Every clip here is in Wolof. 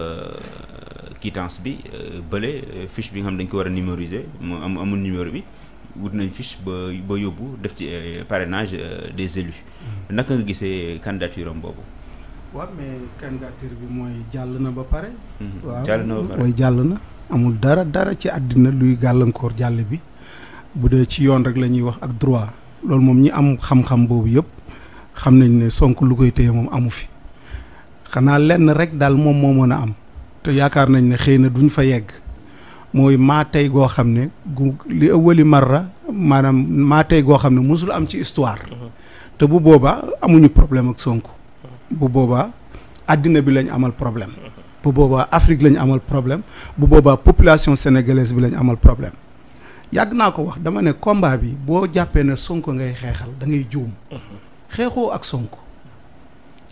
Euh, quittance bi euh, bële euh, fiche bi nga xam dañ ko war a numériser mu am amul numéro bi wut nañ fiche ba ba yóbbu def ci parrainage des élus mm. naka nga gisee candidature am boobu waaw mais candidature bi mooy jàll na ba pare mm-hmm. jàll na ba mooy jàll na amul dara dara ci àddina luy gàllankoor jàll bi bu dee ci yoon rek la ñuy wax ak droit loolu moom ñi am xam-xam boobu yëpp xam nañu ne Sonko lu koy téye moom amu fi xanaa lenn rek daal moom moo mën a am te yaakaar nañ ne xëy na duñ fa yegg mooy maa goo xam ne gu li ëwwali marra maanaam maa goo xam ne mosul am ci histoire mhm. te bu boobaa amuñu problème ak Sonko bu boobaa àddina bi lañ amal problème mhm. bu boobaa Afrique lañ amal problème bu boobaa population sénégalaise bi lañ amal problème yàgg naa ko wax dama ne combat bi boo jàppee ne sonk ngay xeexal dangay juum mhm. xeexoo ak sonk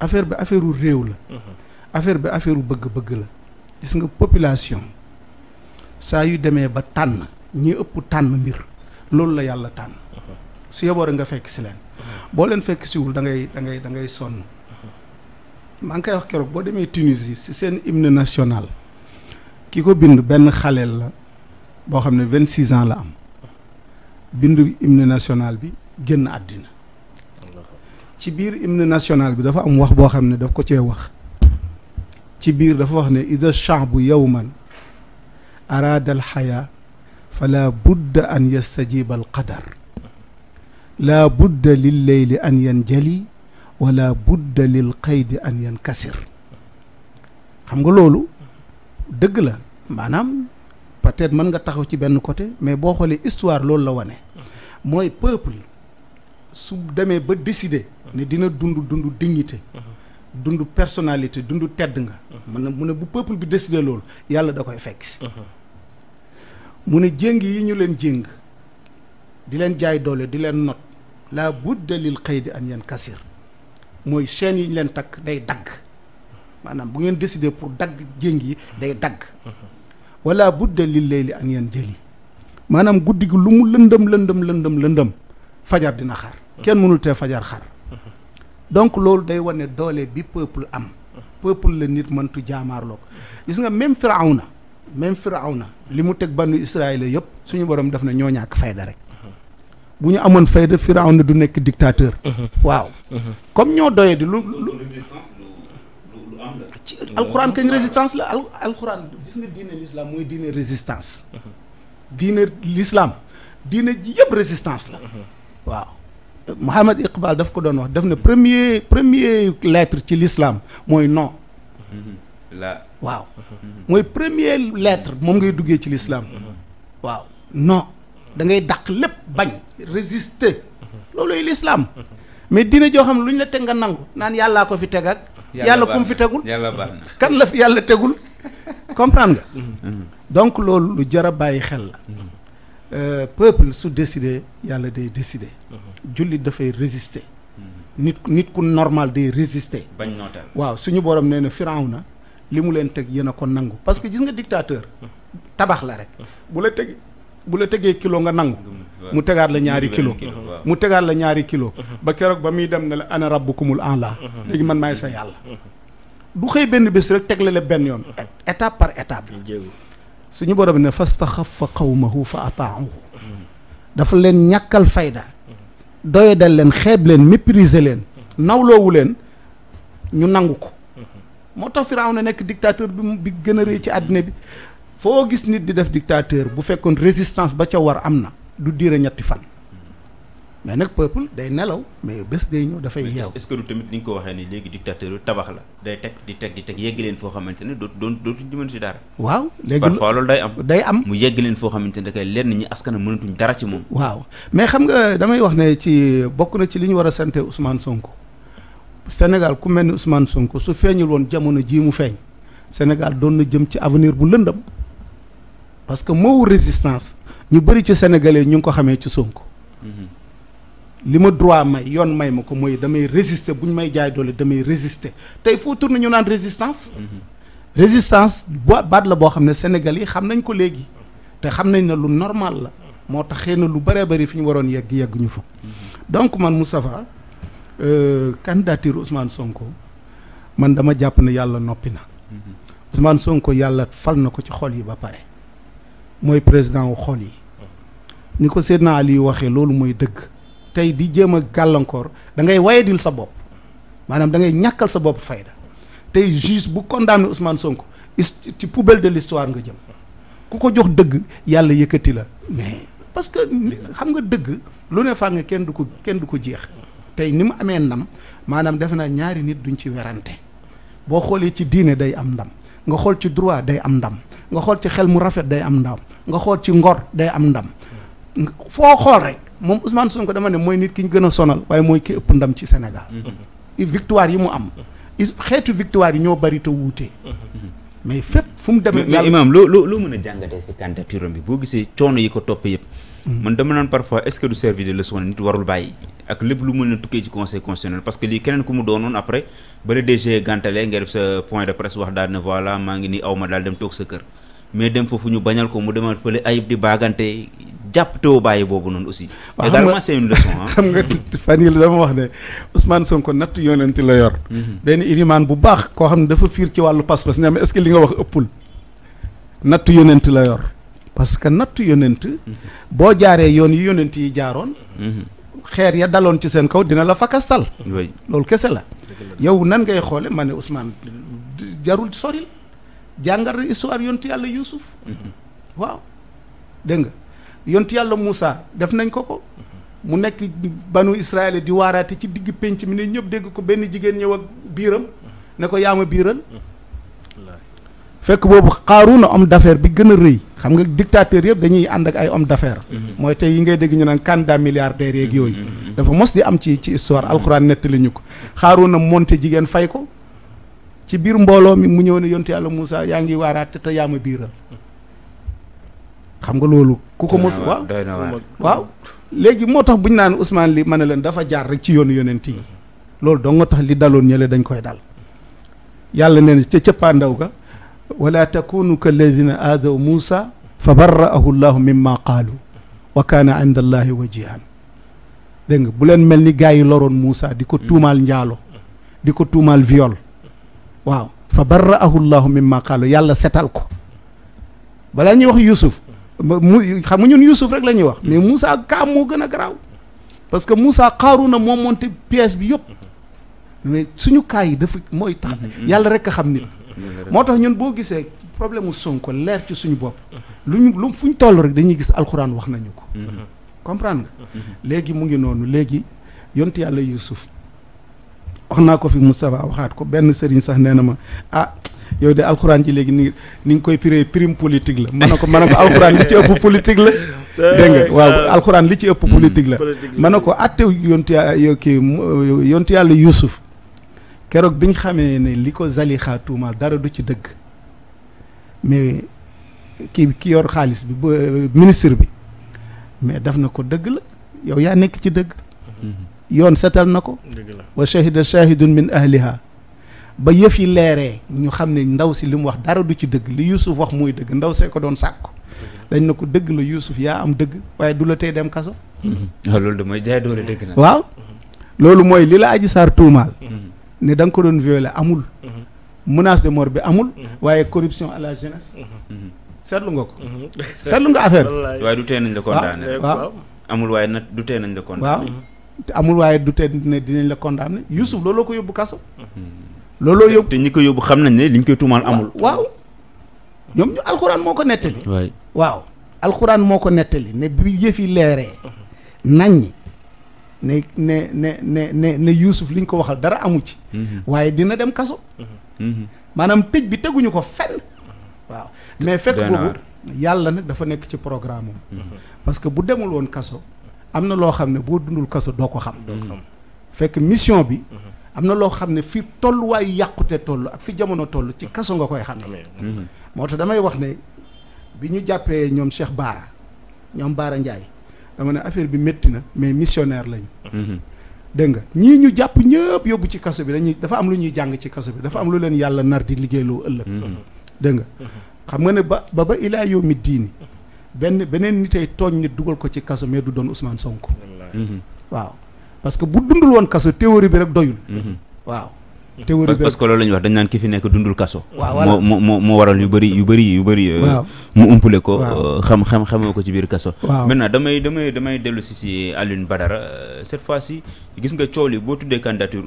affaire bi affaire u réew la affaire bi affaire u bëgg-bëgg la gis nga population saa yu demee ba tànn ñi ëpp tànn mbir loolu la yàlla tànn su yeboore nga fekk si leen boo leen fekk siwul da ngay da da ngay sonn maa ngi koy wax keroog boo demee Tunisie si seen hymne national ki ko bind benn xaleel la boo xam ne vingt six ans la am bind hymne national bi génn àddina ci biir hymne national bi dafa am wax boo xam ne daf ko cee wax ci biir dafa wax ne ida chaabu yowman araada alxaya fa laa budda an yastajiba alqadar laa budda lil leyli an yanjali wala budda lil qaydi an yankasir xam nga loolu dëgg la maanaam peut-être mën nga taxaw ci benn côté mais boo xoolee histoire loolu la wane mooy peuple su demee ba décider. ne dina dund dund dignité. dund personnalité dund tedd nga. mën na mu ne bu peuple bi décider loolu yàlla da koy fekk si. mu ne jéng yi ñu leen jéng di leen jaay doole di leen not laa budda lil xëydi an yan kasir mooy chaîne yi ñu leen takk day dagg maanaam bu ngeen décider pour dagg jéng yi day dagg wala budda lil layli an yan jëli maanaam guddi gi lu mu lëndëm lëndëm lëndëm lëndëm fajar dina xar kenn mënul te fajar xar donc loolu day wane doole bi peuple am peuple la nit mëntu jaamaarloog gis nga même firawna même na li mu teg bannu Israël yëpp suñu borom def na ñoo ñàkk fayda rek bu ñu amoon fayda firawna du nekk dictateur waaw comme ñoo doye di lu lu ci alxuraan kañ résistance la al alxuraan gis nga diine l'islam mooy diine résistance diine l'islam diine ji résistance la waaw Mouhamed Iqbal daf ko doon wax daf na premier premier lettre ci lislaam mooy non waaw mooy premier lettre moom ngay duggee ci l'islam waaw non da ngay dàq lépp bañ résister looluy l'islam mais dina joo xam lu ñu la teg nga nangu naan yàllaa ko fi teg ak yàlla kum fi tegul kan la fi yàlla tegul comprendre nga mm-hmm. donc loolu lu jar a bàyyi xel la mm-hmm. Euh, peuple su décidé yàlla day décidé. Mhm. jullit dafay résister. Mhm. nit nit ku normal day résister. bañ nooteel waaw suñu borom nee na Firawna li mu leen teg yéen a ko nangu parce que gis nga dictateur. Mhm. tabax la rek bu la teg bu la tegee kilo nga nangu. mu tegaat la ñaari kilo mu tegaat la ñaari kilo ba keroog ba muy dem ne la ana en a'la léegi man maay sa yàlla. du xëy benn bés rek tegle la benn yoon étape par étape. suñu borom ne fastaxafa qawmahu fa ataahu dafa leen ñàkkal fayda doyadal leen xeeb leen mépriser leen nawloowu leen ñu nangu ko moo tax Firawna nekk dictateur bi bi gën a rëy ci àddina bi foo gis nit di def dictateur bu fekkoon résistance ba ca war am na du diire ñetti fan mais nag peuple day nelaw mais bés day ñëw dafay yeew est-ce que tamit ni ñu ko waxee ni léegi dictateur yu tabax la day teg di teg di teg yegg leen foo xamante ne dootu doon dootuñ di mën si dara waaw léegi parfois loolu am day am mu yegg leen foo xamante ne da lenn ñi askan mënatuñ dara ci moom waaw mais xam nga damay wax ne ci bokk na ci li ñu war a sante Ousmane Sonko Sénégal ku mel ni Ousmane Sonko su feeñul woon jamono jii mu feeñ Sénégal doon na jëm ci avenir bu lëndam parce que moowu résistance ñu bëri ci sénégalais ñu ngi ko xamee ci Sonko mhm. li ma droit may yoon may ma ko mooy damay résister bu ñu may jaay doole damay résister tey foo tourné ñu naan résistance. Mm-hmm. résistance boo baat la boo xam ne Sénégal yi xam nañ ko léegi te xam nañ na lu normal la moo tax xëy na lu baree bëri fi ñu waroon yegg yegg ñu fa. Mm-hmm. donc man Moustapha euh, candidature Ousmane Sonko man dama jàpp ne yàlla noppi na. Mm-hmm. Ousmane Sonko yàlla fal na ko ci xol yi ba pare mooy président wu xol yi. Oh. ni ko Seydina Aliou waxee loolu mooy dëgg. tey di jéem a gàllankoor dangay ngay dil sa bopp maanaam dangay ñàkkal sa bopp fayda tey juge bu condamné Ousmane Sonko is ci poubelle de l'histoire nga jëm ku ko jox dëgg yàlla yëkkati la mais parce que xam nga dëgg lu ne faa nga kenn du ko kenn du ko jeex tey ni mu amee ndam maanaam defe naa ñaari nit duñ ci werante boo xoolee ci diine day am ndam nga xool ci droit day am ndam nga xool ci xel mu rafet day am ndam nga xool ci ngor day am ndam foo xool rek moom Ousmane Sonko dama ne mooy nit ki ñu gën a sonal waaye mooy ki ëpp ndam ci Sénégal. Mm-hmm. victoire yi mu am. xeetu victoire yi ñoo bari te wuute. Mm-hmm. mais fépp fu mu demee. mais Imaam mën a jàngatee si candidature bi boo gisee coono yi ko toppee yëpp. Mm-hmm. man dama naan parfois est-ce que du servir de leçon nit warul bàyyi. ak lépp lu mën a tukkee ci conseil constitutionnel parce que lii keneen ku mu doonoon après ba la DG gàntalee nga def sa point de presse wax daal ne voilà maa ngi nii aw ma daal dem toog sa kër mais dem foofu ñu bañal ko mu demal fële ayib di jàpp te bàyyi boobu noonu aussi. également xam nga mm-hmm. fan yii la dama wax ne Ousmane Sonko natt yonent la yor. Mm-hmm. benn ilimaan bu baax koo xam ne dafa fiir ci wàllu pas-pas ne est li nga wax ëppul natt yonent la yor. parce que natt yonent. Mm-hmm. boo jaaree yoon yi yonent yi jaaroon. xeer ya daloon ci seen kaw dina la fakastal loolu kese la yow nan ngay xoole ma ne Ousmane jarul soril jàngal histoire yontu yàlla Yuusuf waaw dégg yontu yàlla Moussa def nañ ko ko mu nekk banu Israël di waaraate ci digg pénc mi ne ñëpp dégg ko benn jigéen ñëw ak biiram ne ko yaama biiral fekk boobu na homme d'affaires bi gën a rëy xam nga dictateur yëpp dañuy ànd ak ay om d'affaires mhm. mooy tey yi ngay dégg ñu naan candidat milliardaires yeeg yooyu mhm. Mhm. dafa mos di am ci ci histoire alxuraan nettali ñu ko na monté jigéen fay ko ci biir mbooloo mi mu ñëw ne yontu yàlla Moussa yaa ngi waaraat te yaama biiral xam nga loolu ku ko mos waaw léegi moo tax bu ñu naan usmaan li ma ne leen dafa jaar rek ci yoonu yonent yi loolu dong nga tax li daloon ñële dañ koy dal yàlla nee na ca cëppaa ndaw ga wala takunu ka lazina aadaw Muusa fa barra'ahu llahu mimma qaalu wa kaana inda nga bu leen mel ni gars yi loroon Muusa di ko mm. tuumaal njaalo di ko tuumaal viol waaw fa barra'ahu llahu mimma qaalu yàlla setal ko balaa ñuy wax Yusuf mu xam nga ñun Youssouf rek la ñuy wax mais Moussa kaa moo gën a garaaw parce que Moussa xaaru na moo monté pièce bi yëpp mais suñu kaay yi dafa mooy tax yàlla rek a xam nit moo tax ñun boo gisee problème mu Sonko leer ci suñu bopp lu ñu lu fu ñu toll rek dañuy gis alxuraan wax nañu ko comprendre nga léegi mu ngi noonu léegi yontu yàlla Youssouf wax naa ko fi Moustapha waxaat ko benn sëriñ sax nee na ma ah yow de alxuraan ji léegi ni ni nga koy piree prime politique la ma ne ko ma ne ko alxuraan li ci ëpp politique la dégg nga li ci ëpp politique la ma ne ko atte yontu yàlla kii yontu yàlla Yuusuf keroog bi ñu xamee ne li ko Zalixa tuumaal dara du ci dëgg mais ki ki yor xaalis bi ba ministre bi mais daf na ko dëgg la yow yaa nekk ci dëgg mhm. yoon setal na ko wa shahida shahidun min ahliha ba yëf yi leeree ñu xam ne ndaw si li mu wax dara du ci dëgg li Youssouf wax muy dëgg ndaw see ko doon sàkku dañ na ko dëgg la Youssouf yaa am dëgg waaye du la tey dem kaso. waaw mhm. ah, loolu de mooy jaay doole dëgg mhm. loolu mooy li la Adji Sarr tuumaal. Mhm. ko doon violer amul. menace de bi amul. waaye corruption la jeunesse. seetlu nga ko. nga affaire bi. du tee nañ la condamné. waaw amul waaye nag du tee nañ la condamné. amul waaye du tee ne dinañ la condamné Youssouf looloo ko yóbbu kaso. looloo yóbbu te ñi ko yóbbu xam nañ ne liñ koy tuumaal amul. waaw ñoom ñu alxuraan moo ko nettali. waaw alxuraan moo ko nettali ne bi yëfi yi leeree. naññi ne ne ne ne ne ne Youssouf liñ ko waxal dara amu ci. Mhm. waaye dina dem kaso. Mhm. maanaam tëj bi teguñu ko fenn. waaw mais fekk boobu yàlla nag dafa nekk ci programme am. Mhm. parce que bu demul woon kaso. am na loo xam ne boo dundul kaso doo ko xam. fekk mission bi. am na loo xam ne fi tolluwaayu yàqute toll ak fi jamono toll ci kaso nga koy xam ne mm-hmm. moo tax damay wax ne bi ñu jàppee ñoom Cheikh Baara ñoom Baara Ndiaye dama ne affaire bi métti na mais missionnaire lañu mm-hmm. dégg nga ñii ñu jàpp ñëpp yóbbu ci kaso bi dañuy dafa am lu ñuy jàng ci kaso bi dafa am lu leen yàlla nar di liggéeyloo ëllëg mm-hmm. dégg nga xam nga ne ba ba ba ilaa yow mi diini benn beneen nitay tooñ nit dugal ko ci kaso mais du doon Ousmane Sonko waaw parce que bu dundul woon kaso théorie bi rek doyul. Mhm. parce que loolu la wax dañ naan ki fi nekk dundul kaso. moo moo waral yu bëri yu bëri yu bëri. Euh, mu umpule ko. Euh, xam xam xamoo ko ci biir kaso. maintenant damay damay damay dellu si si Badara euh, cette fois ci gis nga coow li boo tuddee candidature